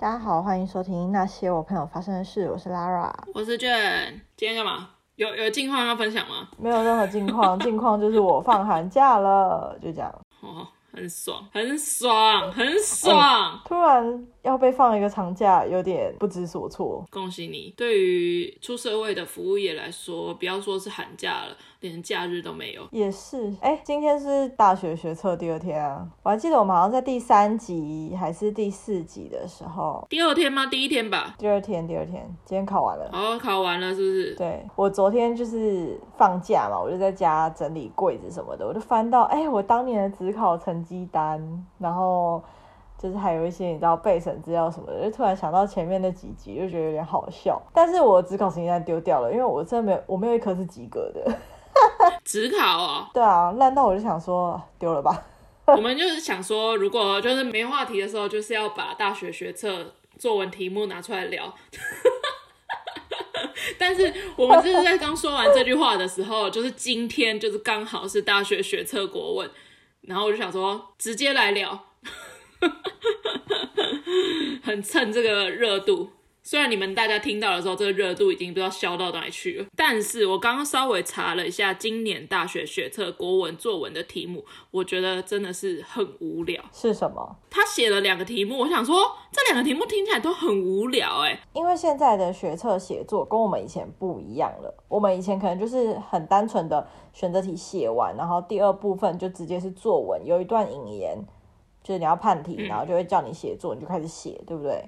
大家好，歡迎收聽《那些我朋友發生的事》，我是 Lara，我是 Jun，今天幹嘛？有有近況要分享嗎？沒有任何近況， 近況就是我放寒假了， 就這樣。哦，很爽，很爽，嗯、很爽、嗯！突然要被放一個長假，有點不知所措。恭喜你，對於出社會的服務業來說，不要說是寒假了。連假日都沒有，也是哎、欸，今天是大學學測第二天啊，我還記得我們好像在第三集還是第四集的時候，第二天嗎？第一天吧，第二天，第二天，今天考完了，哦，考完了是不是？對，我昨天就是放假嘛，我就在家整理櫃子什麼的，我就翻到哎、欸，我當年的指考成績單，然後就是還有一些你知道備審資料什麼的，就突然想到前面那幾集，就覺得有點好笑，但是我指考成績單丟掉了，因為我真的沒有，我沒有一科是及格的。只考哦，對啊，那那我就想說丟了吧。我們就是想說，如果就是沒話題的時候，就是要把大學學測作文題目拿出來聊。但是我們就是在剛說完這句話的時候，就是今天就是剛好是大學學測國文，然後我就想說直接來聊，很蹭這個熱度。雖然你們大家聽到的時候，這個熱度已經不知道消到哪裡去了，但是我剛剛稍微查了一下今年大學學測國文作文的題目，我覺得真的是很無聊。是什麼？他寫了兩個題目，我想說這兩個題目聽起來都很無聊。欸，哎，因為現在的學測寫作跟我們以前不一樣了。我們以前可能就是很單純的選擇題寫完，然後第二部分就直接是作文，有一段引言，就是你要判題，然後就會叫你寫作，嗯、你就開始寫，對不對？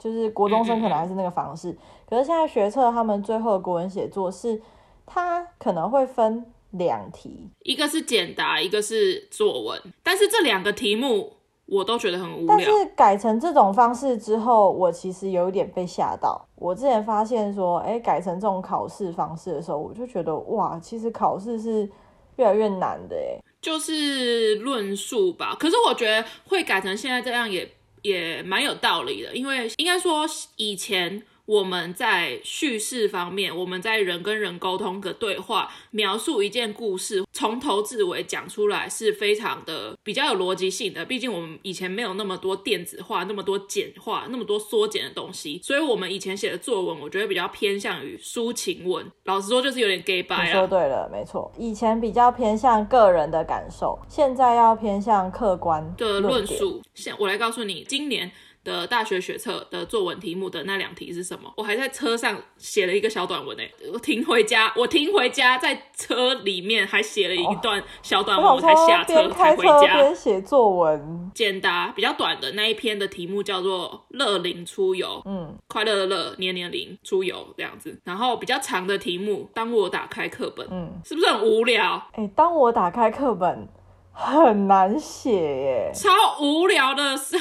就是國中生可能還是那個方式，嗯嗯，可是現在學測他們最後的國文寫作是，他可能會分兩題，一個是簡答，一個是作文。但是這兩個題目我都覺得很無聊。但是改成這種方式之後，我其實有一點被嚇到。我之前發現說，哎、欸，改成這種考試方式的時候，我就覺得哇，其實考試是越來越難的、欸、就是論述吧。可是我覺得會改成現在這樣也。也蠻有道理的，因為應該說以前。我們在敘事方面，我們在人跟人溝通的對話，描述一件故事，從頭至尾講出來是非常的比較有邏輯性的。畢竟我們以前沒有那麼多電子化，那麼多簡化，那麼多縮減的東西，所以我們以前寫的作文，我覺得比較偏向於抒情文。老實說，就是有點 gay 掰啦。說對了，沒錯。以前比較偏向個人的感受，現在要偏向客觀論的論述。現我來告訴你，今年的大學學測的作文題目的那兩題是什麼？我還在車上寫了一個小短文呢、欸。我停回家，我停回家，在車裡面還寫了一段小短文。哦、我才下車開車回家，寫作文。簡答比較短的那一篇的題目叫做“樂齡出遊”，嗯，快樂的樂年年齡出遊這樣子。然後比較長的題目，當我打開課本，嗯，是不是很無聊？哎、欸，當我打開課本，很難寫、欸，哎，超無聊的事。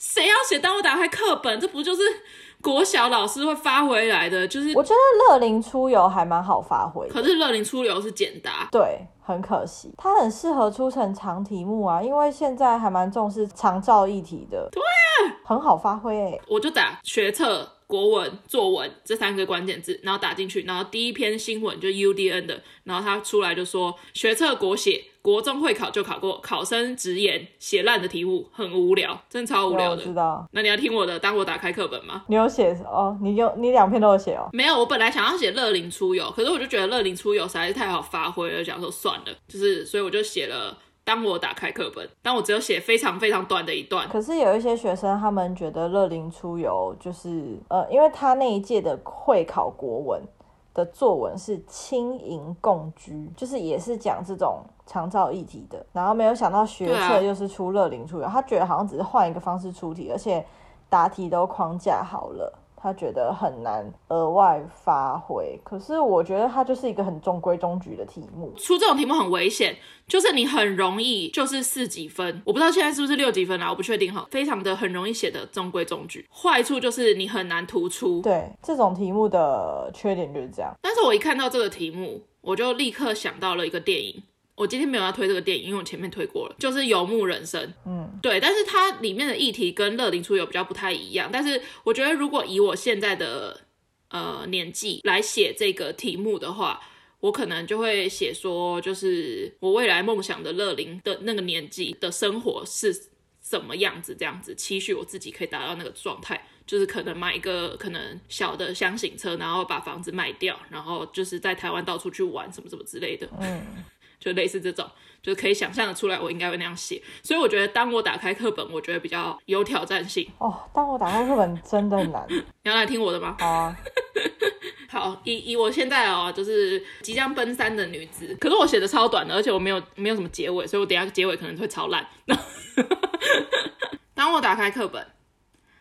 誰要寫？當我打開課本，這不就是國小老師會發回來的？就是我覺得樂齡出遊還蠻好發揮的，可是樂齡出遊是簡答，對，很可惜，它很適合出成長題目啊，因為現在還蠻重視長照議題的，對啊，很好發揮欸。我就打學測國文作文這三個關鍵字，然後打進去，然後第一篇新聞就 UDN 的，然後它出來就說學測國寫。國中會考就考過，考生直言寫爛的題目很無聊，真的超無聊的。我知道，那你要聽我的，當我打開課本嗎？你有寫哦，你有你兩篇都有寫哦。沒有，我本來想要寫樂齡出遊，可是我就覺得樂齡出遊實在是太好發揮了，想說算了，就是所以我就寫了當我打開課本，但我只有寫非常非常短的一段。可是有一些學生他們覺得樂齡出遊就是呃，因為他那一屆的會考國文，的作文是“青銀共居”，就是也是講這種長照議題的，然後沒有想到學測又是出樂齡出題，啊、他覺得好像只是換一個方式出題，而且答題都框架好了。他覺得很難額外發揮，可是我覺得他就是一個很中規中矩的題目。出這種題目很危險，就是你很容易就是四級分，我不知道現在是不是六級分啦，我不確定哈。非常的很容易寫的中規中矩，壞處就是你很難突出。對，這種題目的缺點就是這樣。但是我一看到這個題目，我就立刻想到了一個電影。我今天沒有要推這個電影，因為我前面推過了，就是《遊牧人生》。嗯，對，但是它裡面的議題跟樂齡出遊比較不太一樣。但是我覺得，如果以我現在的呃年紀來寫這個題目的話，我可能就會寫說，就是我未來夢想的樂齡的那個年紀的生活是什麼樣子，這樣子，期許我自己可以達到那個狀態，就是可能買一個可能小的箱型車，然後把房子賣掉，然後就是在台灣到處去玩什麼什麼之類的。嗯。就類似這種，就是可以想象的出來，我應該會那樣寫。所以我覺得，當我打開課本，我覺得比較有挑戰性。哦，當我打開課本，真的難。 你要來聽我的嗎？好啊。 好，以以我現在哦，就是即將奔三的女子。可是我寫的超短的，而且我沒有沒有什麼結尾，所以我等一下結尾可能會超爛。 當我打開課本，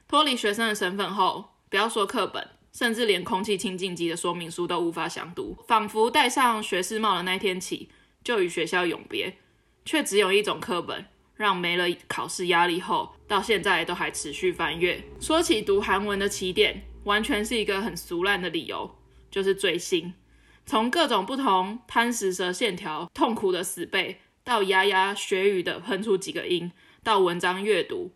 脫離學生的身份後，不要說課本，甚至連空氣清淨機的說明書都無法詳讀，仿佛戴上學士帽的那天起。就與學校永別，卻只有一種課本，讓沒了考試壓力後，到現在都還持續翻閱。說起讀韓文的起點，完全是一個很俗爛的理由，就是追星。從各種不同貪食蛇線條痛苦的死背，到牙牙學語的噴出幾個音，到文章閱讀，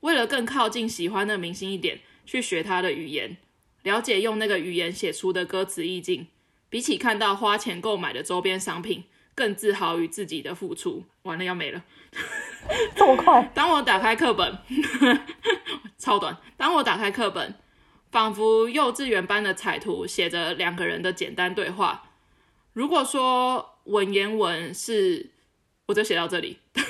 為了更靠近喜歡的明星一點，去學他的語言，了解用那個語言寫出的歌詞意境。比起看到花錢購買的周邊商品。更自豪於自己的付出，完了，要沒了，這麼快！當我打開課本， 超短。當我打開課本，仿佛幼，幼稚園般的彩圖，寫着兩個人的簡單對話。如果說文言文是，我就寫到這裡。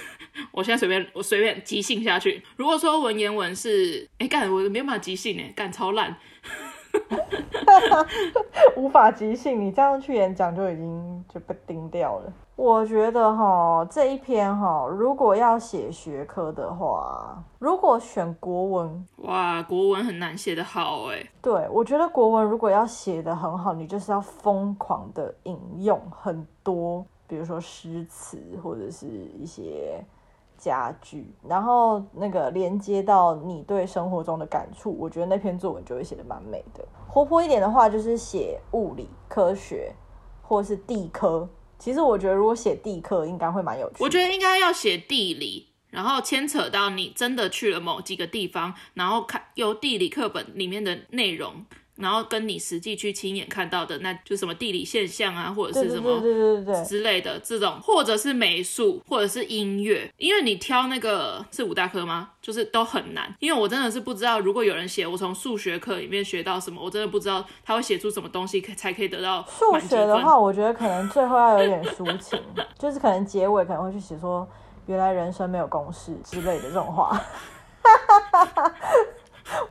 我現在隨便，我隨便即興下去。如果說文言文是，哎、欸、幹，我沒辦法即興哎，幹超爛。 無法即興，你這樣去演講就已經就被釘掉了。我覺得哈，這一篇哈，如果要寫學科的話，如果選國文，哇，國文很難寫得好哎。對，我覺得國文如果要寫得很好，你就是要瘋狂的引用很多，比如說詩詞或者是一些。家具，然後那個連接到你對生活中的感觸，我覺得那篇作文就會寫得蠻美的。活潑一點的話，就是寫物理、科學，或是地科。其實我覺得，如果寫地科，應該會蠻有趣的。我覺得應該要寫地理，然後牽扯到你真的去了某幾個地方，然後看有地理課本裡面的內容。然後跟你實際去親眼看到的，那就是什麼地理現象啊，或者是什麼之類的這種，或者是美術，或者是音樂。因為你挑那個是五大科嗎？就是都很難。因為我真的是不知道，如果有人寫我從數學課裡面學到什麼，我真的不知道他會寫出什麼東西可才可以得到。數學的話，我覺得可能最後要有點抒情，就是可能結尾可能會去寫說，原來人生沒有公式之類的這種話。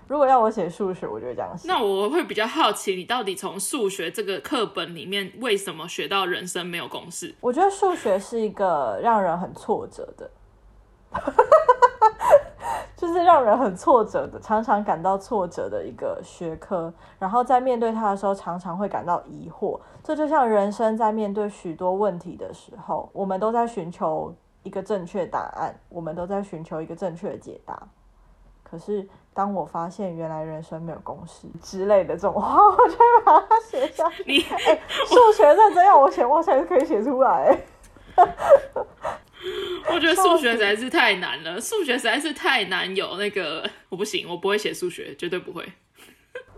如果要我寫數學，我就這樣寫。那我會比較好奇，你到底從數學這個課本裡面為什麼學到人生沒有公式？我覺得數學是一個讓人很挫折的， 就是讓人很挫折的，常常感到挫折的一個學科。然後在面對它的時候，常常會感到疑惑。這就像人生在面對許多問題的時候，我們都在尋求一個正確答案，我們都在尋求一個正確的解答，可是。當我發現原來人生沒有公式之類的這種話，我就會把它寫下來。你哎，數學認真的要我寫， 我才可以寫出來。 我覺得數學實在是太難了，數學實在是太難，有那個我不行，我不會寫數學，絕對不會。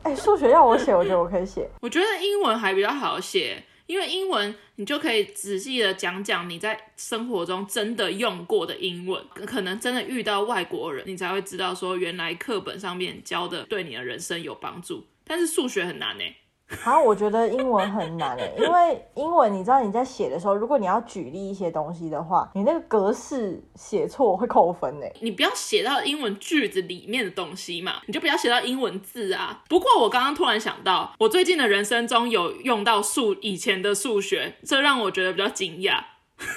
哎、 欸，數學要我寫，我覺得我可以寫。我覺得英文還比較好寫。因為英文，你就可以仔細的講講你在生活中真的用過的英文，可能真的遇到外國人，你才會知道說原來課本上面教的對你的人生有幫助。但是數學很難呢、欸。好、 啊，我覺得英文很難誒，因為英文你知道你在寫的時候，如果你要舉例一些東西的話，你那個格式寫錯會扣分誒。你不要寫到英文句子裡面的東西嘛，你就不要寫到英文字啊。不過我剛剛突然想到，我最近的人生中有用到數，以前的數學，這讓我覺得比較驚訝。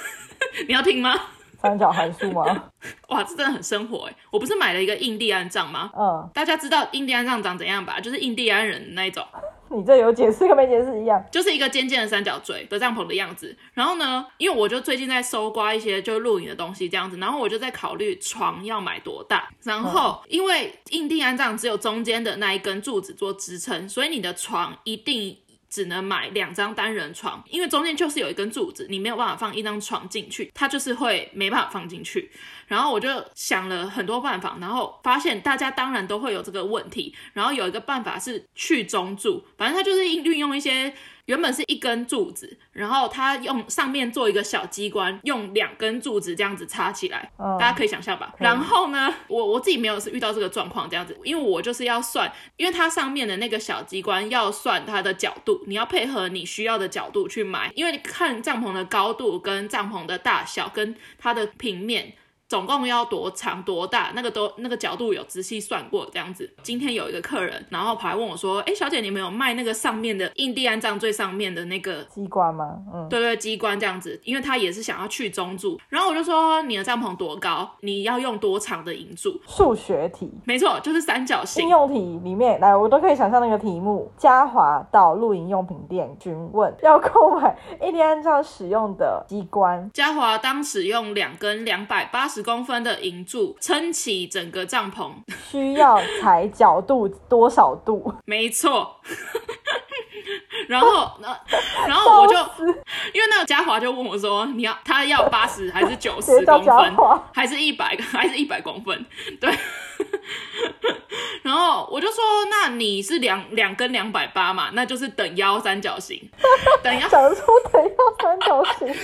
你要聽嗎？三角函數嗎？哇，這真的很生活欸！我不是買了一個印第安帳嗎？嗯，大家知道印第安帳長怎樣吧？就是印第安人的那一種。你這有解釋跟沒解釋一樣，就是一個尖尖的三角錐的帳篷的樣子。然後呢，因為我就最近在搜刮一些就露營的東西這樣子，然後我就在考慮床要買多大。然後、嗯、因為印第安帳只有中間的那一根柱子做支撐，所以你的床一定只能買兩張單人床，因為中間就是有一根柱子，你沒有辦法放一張床進去，它就是會沒辦法放進去。然後我就想了很多辦法，然後發現大家當然都會有這個問題。然後有一個辦法是去中柱，反正它就是運運用一些，原本是一根柱子，然後它用上面做一個小機關，用兩根柱子這樣子插起來，oh, 大家可以想象吧。Okay. 然後呢，我我自己沒有是遇到這個狀況這樣子，因為我就是要算，因為它上面的那個小機關要算它的角度，你要配合你需要的角度去買，因為你看帳篷的高度跟帳篷的大小跟它的平面。總共要多長多大？那個都那個角度有仔細算過，這樣子。今天有一個客人，然後跑來問我說：“哎、欸，小姐，你們有賣那個上面的印第安帳最上面的那個機關嗎？”嗯，對對，機關這樣子，因為他也是想要去中柱。然後我就說：“你的帳篷多高？你要用多長的營柱？”數學題，沒錯，就是三角形應用題裡面來，我都可以想象那個題目。嘉華到露營用品店詢問要購買印第安帳使用的機關。嘉華當時用兩根兩百八十，公分的銀柱撐起整個帳篷，需要踩角度多少度？沒錯錯， 然後，然後我就，死因為那個家華就問我說，你要他要八十還是九十公分，還是一百，還是一百公分？對。 然後我就說，那你是兩兩根兩百八嘛，那就是等腰三角形。等腰三角形，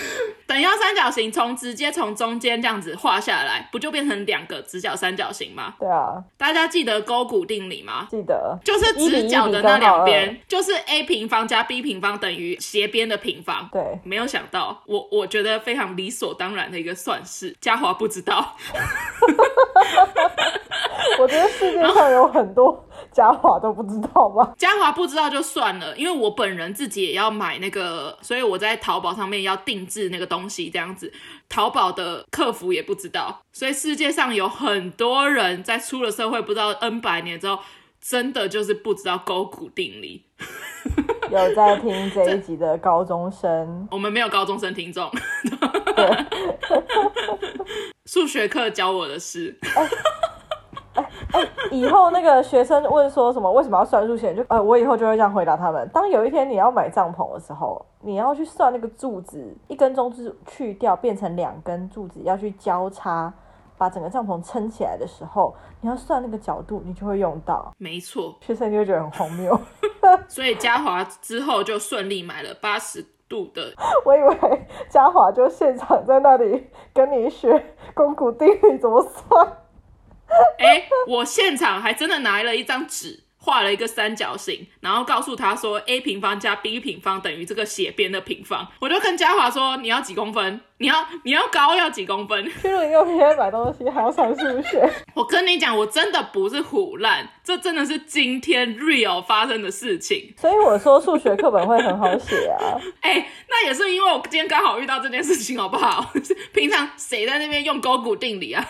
等腰三角形，從直接從中間這樣子畫下來，不就變成兩個直角三角形嗎？對啊，大家記得勾股定理嗎？記得，就是直角的那兩邊， 二就是 a 平方加 b 平方等於斜邊的平方。對，沒有想到，我我覺得非常理所當然的一個算式。家華不知道。 我覺得世界上有很多家華後都不知道吧？家華不知道就算了，因為我本人自己也要買那個，所以我在淘寶上面要定制那個東西，這樣子，淘寶的客服也不知道，所以世界上有很多人在出了社會，不知道 N 百年之後，真的就是不知道勾股定理。有在聽這一集的高中生， 我們沒有高中生聽眾。數 對 學課教我的事。欸哎哎、欸欸，以後那個學生問說什麼為什麼要算數線？就呃，我以後就會這樣回答他們。當有一天你要買帳篷的時候，你要去算那個柱子，一根鐘之去掉變成兩根柱子，要去交叉，把整個帳篷撐起來的時候，你要算那個角度，你就會用到。沒錯，學生就會覺得很荒謬。 所以家華之後就順利買了八十度的。我以為家華就現場在那裡跟你學勾股定理怎麼算。哎、欸，我現場還真的拿了一張紙畫了一個三角形，然後告訴他說 A 平方加 B 平方等於這個斜邊的平方。我就跟家華說，你要幾公分？你要你要高要幾公分？進入一個平買東西還要上數學？ 我跟你講，我真的不是唬爛，這真的是今天 real 發生的事情。所以我說數學課本會很好寫啊。哎、欸，那也是因為我今天剛好遇到這件事情，好不好？ 平常誰在那邊用勾股定理啊？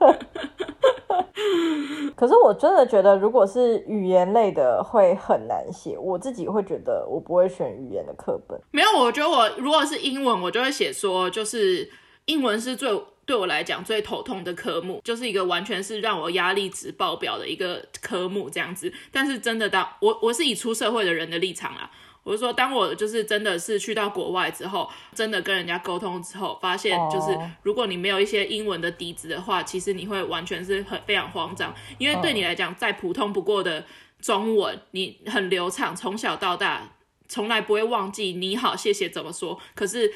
可是我真的覺得，如果是語言類的，會很難寫。我自己會覺得，我不會選語言的課本。沒有，我覺得我如果是英文，我就會寫說，就是英文是最對我來講最頭痛的科目，就是一個完全是讓我壓力值爆表的一個科目這樣子。但是真的當，當我我是以出社會的人的立場啊。我就說，當我就是真的是去到國外之後，真的跟人家溝通之後，發現就是，如果你沒有一些英文的底子的話，其實你會完全是很非常慌張，因為對你來講再普通不過的中文，你很流暢，從小到大從來不會忘記你好、謝謝怎麼說，可是。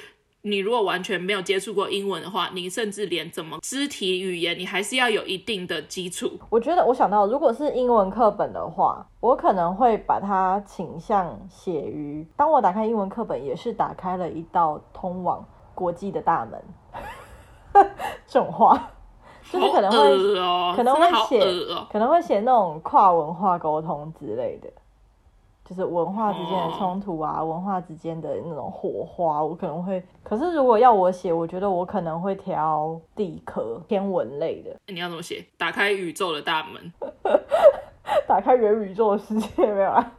你如果完全沒有接觸過英文的話，你甚至連怎麼肢體語言，你還是要有一定的基礎。我覺得我想到，如果是英文課本的話，我可能會把它傾向寫於，當我打開英文課本，也是打開了一道通往國際的大門。這種話就是可能會、哦、可能會寫、哦、可能會寫那種跨文化溝通之類的。就是文化之間的衝突啊，oh. 文化之間的那種火花，我可能會。可是如果要我寫，我覺得我可能會挑地殼、天文類的。欸、你要怎麼寫？打開宇宙的大門， 打開元宇宙的世界沒有啊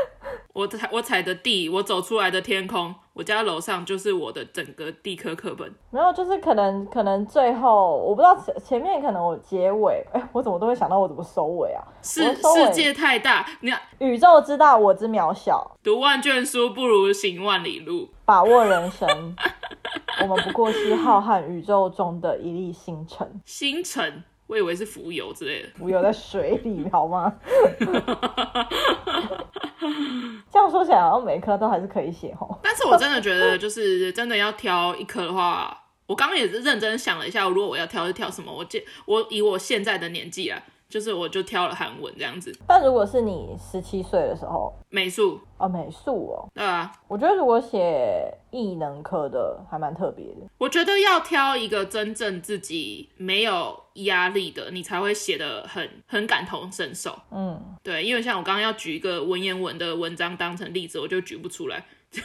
？我踩我踩的地，我走出來的天空。我家樓上就是我的整個地科課本。沒有，就是可能可能，最後我不知道前，前面可能我結尾。哎、欸，我怎麼都會想到我怎麼收尾啊？世是世界太大。你看、啊、宇宙之大，我之渺小。讀萬卷書不如行萬里路，把握人生。 我們不過是浩瀚宇宙中的一粒星辰，星辰。我以為是浮游之類的，浮游在水裡， 好嗎？ 這樣說起來，好像每一顆都還是可以寫哦。但是我真的覺得，就是真的要挑一顆的話，我剛剛也是認真想了一下，如果我要挑，是挑什麼我？我我以我現在的年紀啊。就是我就挑了韓文這樣子，但如果是你十七歲的時候，美術啊，哦，美術哦，對啊，我覺得如果寫藝能科的還蠻特別的。我覺得要挑一個真正自己沒有壓力的，你才會寫得很很感同身受。嗯，對，因為像我剛剛要舉一個文言文的文章當成例子，我就舉不出來。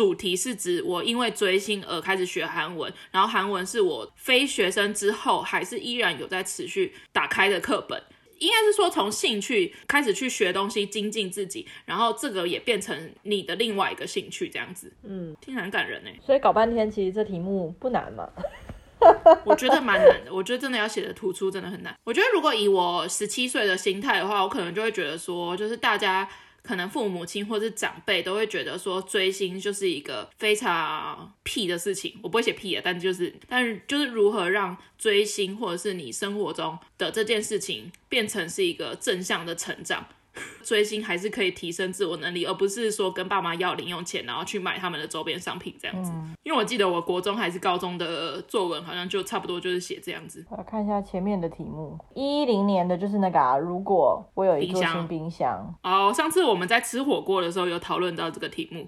主題是指我因為追星而開始學韓文，然後韓文是我非學生之後還是依然有在持續打開的課本，應該是說從興趣開始去學東西精進自己，然後這個也變成你的另外一個興趣這樣子。嗯，聽很感人誒、欸，所以搞半天，其實這題目不難嘛？ 我覺得蠻難的，我覺得真的要寫的突出，真的很難。我覺得如果以我十七歲的心態的話，我可能就會覺得說，就是大家。可能父母親或者是長輩都會覺得說，追星就是一個非常屁的事情。我不會寫屁的，但就是，但是就是如何讓追星或者是你生活中的這件事情變成是一個正向的成長。追星還是可以提升自我能力，而不是說跟爸媽要零用錢，然後去買他們的周邊商品這樣子。嗯、因為我記得我國中還是高中的作文，好像就差不多就是寫這樣子。我要看一下前面的題目，一零年的就是那個啊，如果我有一座冰箱。哦，oh, 上次我們在吃火鍋的時候有討論到這個題目。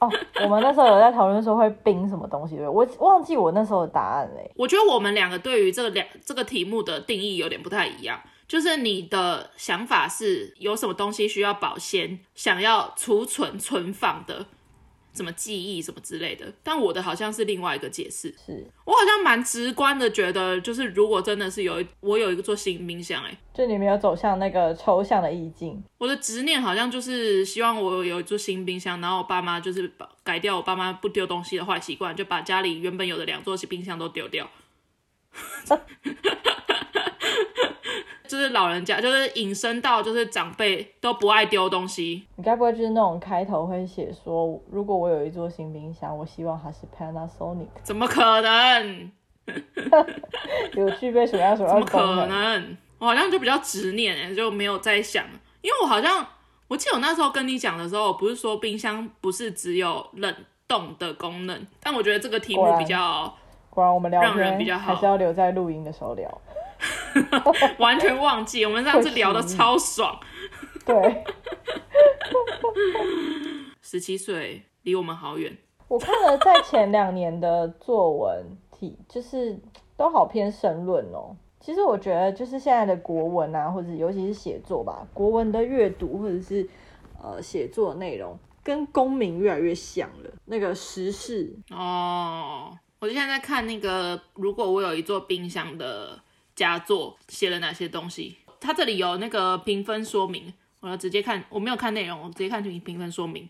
哦 ，oh, 我們那時候有在討論說會冰什麼東西，我忘記我那時候的答案了。我覺得我們兩個對於這兩、個、這個題目的定義有點不太一樣。就是你的想法是有什麼東西需要保鮮，想要儲存、存放的，什麼記憶、什麼之類的。但我的好像是另外一個解釋，是我好像蠻直觀的覺得，就是如果真的是有一，我有一個座新冰箱、欸，哎，就你沒有走向那個抽象的意境。我的執念好像就是希望我有一座新冰箱，然後我爸媽就是把改掉我爸媽不丟東西的壞習慣，就把家裡原本有的兩座冰箱都丟掉。 就是老人家，就是引申到就是長輩都不愛丟東西。你該不會就是那種開頭會寫說，如果我有一座新冰箱，我希望它是 Panasonic？怎麼可能？ 有具備什麼樣什麼樣？怎麼可能？我好像就比較執念欸，就沒有在想。因為我好像，我記得我那時候跟你講的時候，我不是說冰箱不是只有冷凍的功能，但我覺得這個題目比較讓人⋯⋯果然，果然我們聊天，還是要留在錄音的時候聊。 完全忘記， 我們上次聊得超爽。對，十七歲離我們好遠。我看了在前兩年的作文題， 就是都好偏申論哦。其實我覺得，就是現在的國文啊，或者尤其是寫作吧，國文的閱讀或者是呃寫作內容，跟公民越來越像了。那個時事哦，我就現在在看那個，如果我有一座冰箱的。佳作寫了哪些東西？他這裡有那個評分說明，我要直接看。我沒有看內容，我直接看評評分說明。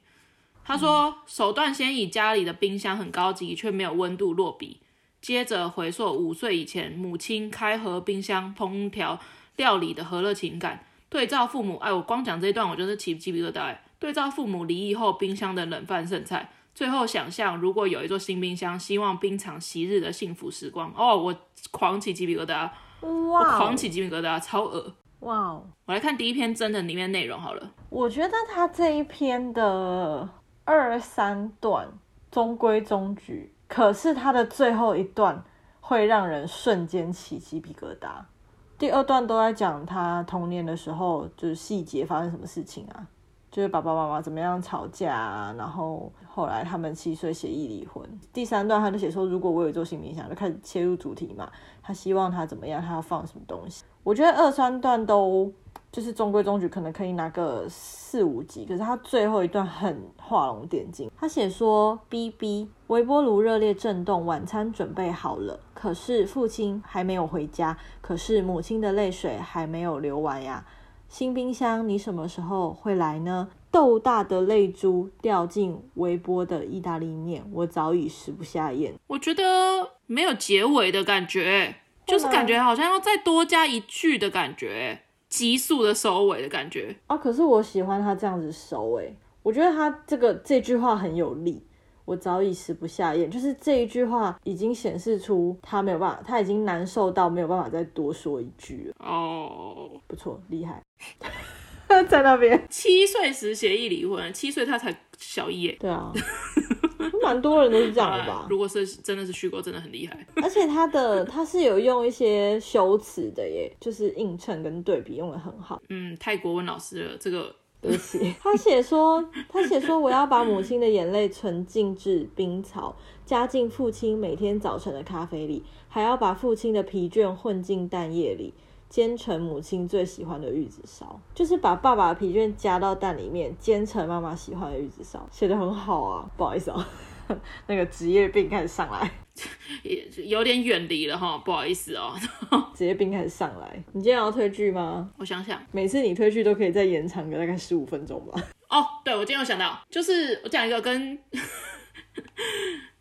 他說，首段先以家裡的冰箱很高級卻沒有溫度落筆，接着回溯五歲以前母親開合冰箱烹調料理的和樂情感，對照父母。哎，我光講這一段，我就是起雞皮疙瘩。對照父母離異後冰箱的冷飯剩菜。最後想象，如果有一座新冰箱，希望冰場昔日的幸福時光。哦、oh，我狂起雞皮疙瘩，哇！Wow. 我狂起雞皮疙瘩，超惡。哇 Wow. 我來看第一篇真的裡面內容好了。我覺得他這一篇的二三段中規中矩，可是他的最後一段會讓人瞬間起雞皮疙瘩。第二段都在講他童年的時候，就是細節發生什麼事情啊？就是爸爸媽媽怎麼樣吵架啊，然後後來他們七歲協議離婚。第三段他就寫說，如果我有做心冥想，就開始切入主題嘛。他希望他怎麼樣，他要放什麼東西。我覺得二三段都就是中規中矩，可能可以拿個四五級，可是他最後一段很畫龍點睛，他寫說：“B B 微波爐熱烈震動，晚餐準備好了，可是父親還沒有回家，可是母親的淚水還沒有流完呀、啊。”新冰箱，你什麼時候會來呢？豆大的淚珠掉進微波的意大利麵，我早已食不下咽。我覺得沒有結尾的感覺，後來？就是感覺好像要再多加一句的感覺，急速的收尾的感覺啊！可是我喜歡他這樣子收尾，我覺得他這個這句話很有力。我早已食不下咽，就是這一句話已經顯示出他沒有辦法，他已經難受到沒有辦法再多說一句了。哦，oh. 不錯，厲害。 在那邊邊，七歲時協議離婚，七歲他才小一耶。對啊，蠻多人都是這樣的吧、啊？如果是真的是虛構，真的很厲害。而且他的他是有用一些修辭的耶，就是映襯跟對比用得很好。嗯，泰國文老師的這個東西，他寫說他寫說我要把母親的眼淚純淨至冰槽，加進父親每天早晨的咖啡裡，還要把父親的疲倦混進蛋液裡。煎成母親最喜歡的玉子燒，就是把爸爸的疲倦夾到蛋裡面煎成媽媽喜歡的玉子燒，寫得很好啊，不好意思哦、喔，那個職業病開始上來，有點遠離了哈，不好意思哦、喔，職 業病開始上來，你今天要推劇嗎？我想想，每次你推劇都可以再延長個大概十五分鐘吧。哦，oh, 對，我今天有想到，就是我講一個跟。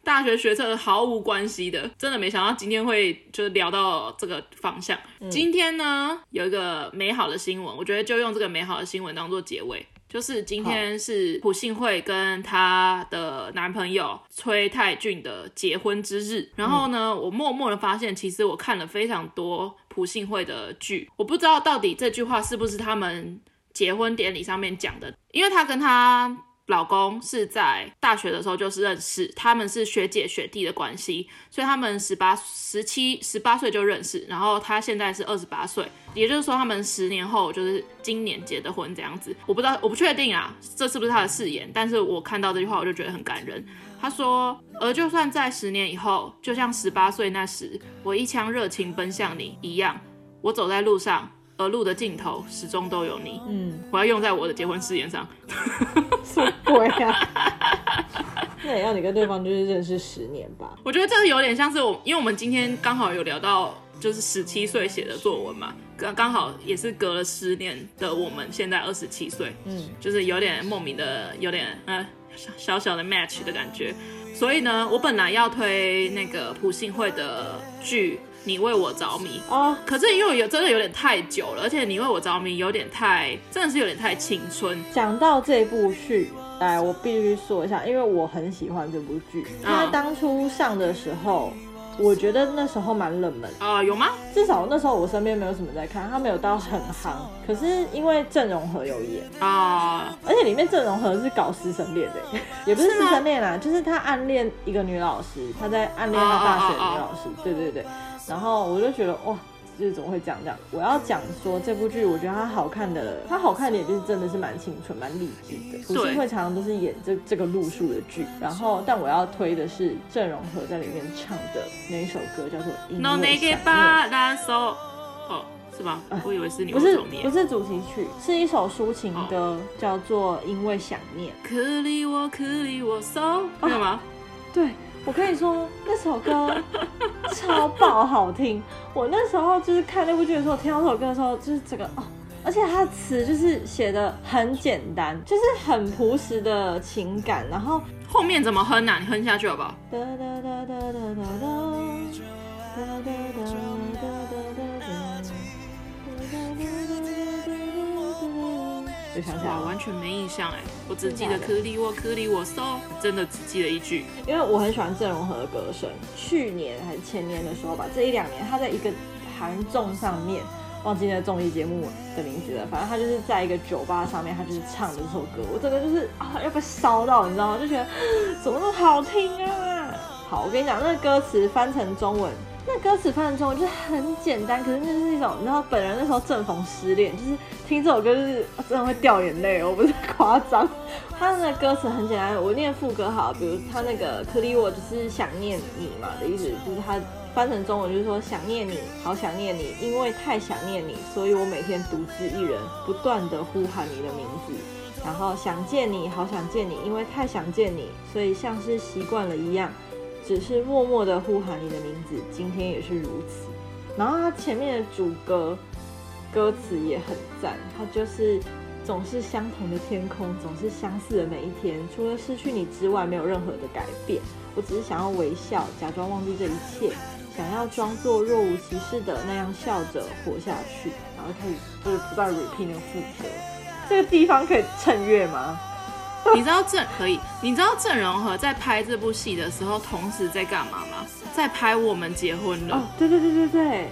大學學測毫無關係的，真的沒想到今天會就聊到這個方向。嗯、今天呢，有一個美好的新聞，我覺得就用這個美好的新聞當做結尾，就是今天是朴信惠跟她的男朋友崔泰俊的結婚之日。然後呢，嗯、我默默的發現，其實我看了非常多朴信惠的劇，我不知道到底這句話是不是他們結婚典禮上面講的，因為他跟他。老公是在大學的時候就是認識，他們是學姐學弟的關係，所以他們十八、十七、十八歲就認識，然後他現在是二十八歲，也就是說他們十年後就是今年結的婚這樣子。我不知道，我不確定啊，這是不是他的誓言？但是我看到這句話，我就覺得很感人。他說：“而就算在十年以後，就像十八歲那時，我一腔熱情奔向你一樣，我走在路上。”而路的盡頭始終都有你。嗯，我要用在我的結婚誓言上。 什麼鬼啊？ 那也要你跟對方就是認識十年吧？我覺得這個有點像是我，因為我們今天剛好有聊到就是十七歲寫的作文嘛，剛剛好也是隔了十年的我們，現在二十七歲，嗯，就是有點莫名的有點嗯、呃、小,小小的 match 的感覺。所以呢，我本來要推那個朴信惠的劇。你為我着迷哦、oh, 可是因為有真的有點太久了，而且你為我着迷有點太，真的是有點太青春。講到這部劇，來，我必須說一下，因為我很喜歡這部劇。Oh. 它當初上的時候，我覺得那時候蠻冷門啊，oh, 有嗎？至少那時候我身邊沒有什麼在看，他沒有到很夯。可是因為鄭容和有演啊，oh. 而且裡面鄭容和是搞師生戀的， 也不是師生戀啊，是嗎就是他暗戀一個女老師，他在暗戀他大學的女老師。Oh, oh, oh, oh. 對對對。然後我就覺得哇，這怎麼會講這，這樣？我要講說這部劇，我覺得它好看的，它好看點就是真的是蠻青春，蠻勵志的。對。不會常常都是演這這個路數的劇，然後但我要推的是鄭容和在裡面唱的那一首歌，叫做《因為想念》。哦，是嗎？啊、我以為是。你。不是，不是主題曲，是一首抒情歌，哦、叫做《因為想念》。可麗我可麗我搜。什嘛、哦？對，對。我跟你說，那首歌超爆好聽。我那時候就是看那部劇的時候，聽到這首歌的時候，就是整個哦，而且它的詞就是寫得很簡單，就是很樸實的情感。然後後面怎麼哼呢？你哼下去好不好？就想起來，完全沒印象哎，我只記得顆粒我顆粒我搜，真的只記得一句，因為我很喜歡鄭容和的歌聲。去年還是前年的時候吧，這一兩年他在一個韓綜上面，忘記那個綜藝節目的名字了，反正他就是在一個酒吧上面，他就是唱這首歌，我真的就是啊，要被燒到，你知道嗎？就覺得怎麼那麼好聽啊！好，我跟你講，那個歌詞翻成中文。那歌詞翻成中文我覺得很簡單，可是那是一種，你知道，本人那時候正逢失戀，就是聽這首歌就是、啊、真的會掉眼淚，我不是誇張。 他的歌詞很簡單，我念副歌好，比如他那個克利沃就是想念你嘛的意思，就是他翻成中文就是說想念你，好想念你，因為太想念你，所以我每天獨自一人不斷的呼喊你的名字，然後想見你，好想見你，因為太想見你，所以像是習慣了一樣。只是默默的呼喊你的名字，今天也是如此。然後它前面的主歌歌詞也很讚，它就是總是相同的天空，總是相似的每一天，除了失去你之外，沒有任何的改變。我只是想要微笑，假裝忘記這一切，想要裝作若無其事的那樣笑着活下去。然後開始就是不斷 repeat 那個副歌，這個地方可以襯樂嗎？ 你知道鄭可以？你知道鄭容和在拍這部戲的時候，同時在幹嘛嗎？在拍《我們結婚了》。Oh, 對對對對對。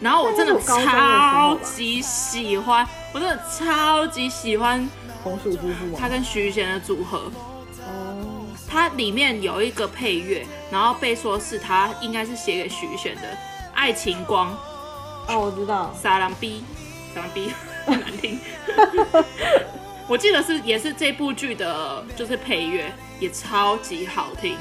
然後我真的超級, 超級喜歡，我真的超級喜歡。紅薯夫婦嗎？他跟徐賢的組合。哦。它裡面有一個配樂，然後被說是他應該是寫給徐賢的《愛情光》。哦，oh, 我知道。傻狼逼，傻狼逼，很難聽。 我記得是也是這部劇的，就是配樂也超級好聽，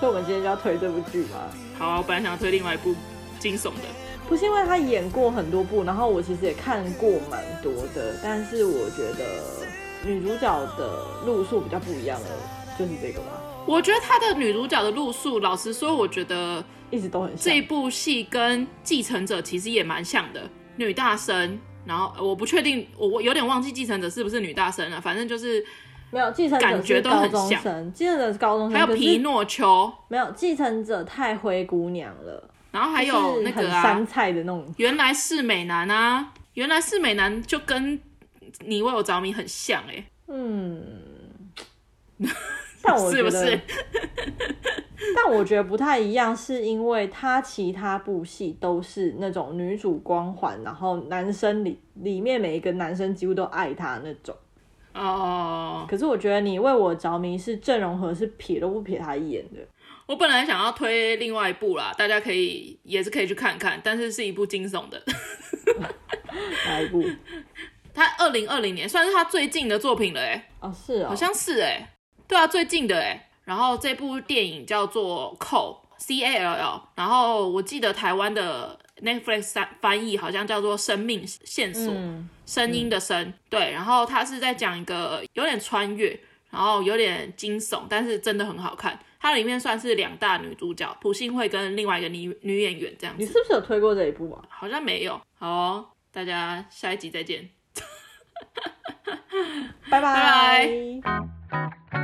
所以我們今天就要推這部劇嗎？好啊，我本來想要推另外一部驚悚的，不是因為他演過很多部，然後我其實也看過蠻多的，但是我覺得女主角的路數比較不一樣了，就是這個吧？我覺得他的女主角的路數，老實說，我覺得一直都很像。這部戲跟繼承者其實也蠻像的，女大神。然後我不確定，我有點忘記繼承者是不是女大生了。反正就是沒有，感覺都很像。繼承者是高中生，還有皮諾丘沒有繼承者太灰姑娘了。然後還有那個啊，山菜的那種原來是美男啊，原來是美男，就跟你為我着迷很像，誒、欸。嗯。但我覺得，是不是 但我覺得不太一樣，是因為他其他部戲都是那種女主光環，然後男生裡裡面每一個男生幾乎都愛他那種。哦。Oh. 可是我覺得你為我着迷是陣容和是瞥都不瞥他一眼的。我本來想要推另外一部啦，大家可以也是可以去看看，但是是一部驚悚的。 哪一部？他二零二零年算是他最近的作品了，欸。哎。哦，是啊，哦，好像是哎，欸。對啊，最近的哎，然後這部電影叫做 Call，然後我記得台灣的 Netflix 翻譯好像叫做《生命線索》，嗯，聲音的聲，嗯、對，然後它是在講一個有點穿越，然後有點驚悚，但是真的很好看。它裡面算是兩大女主角朴信惠跟另外一個女女演員這樣子。你是不是有推過這一部啊？好像沒有。好。哦，大家下一集再見，拜 拜 bye。Bye bye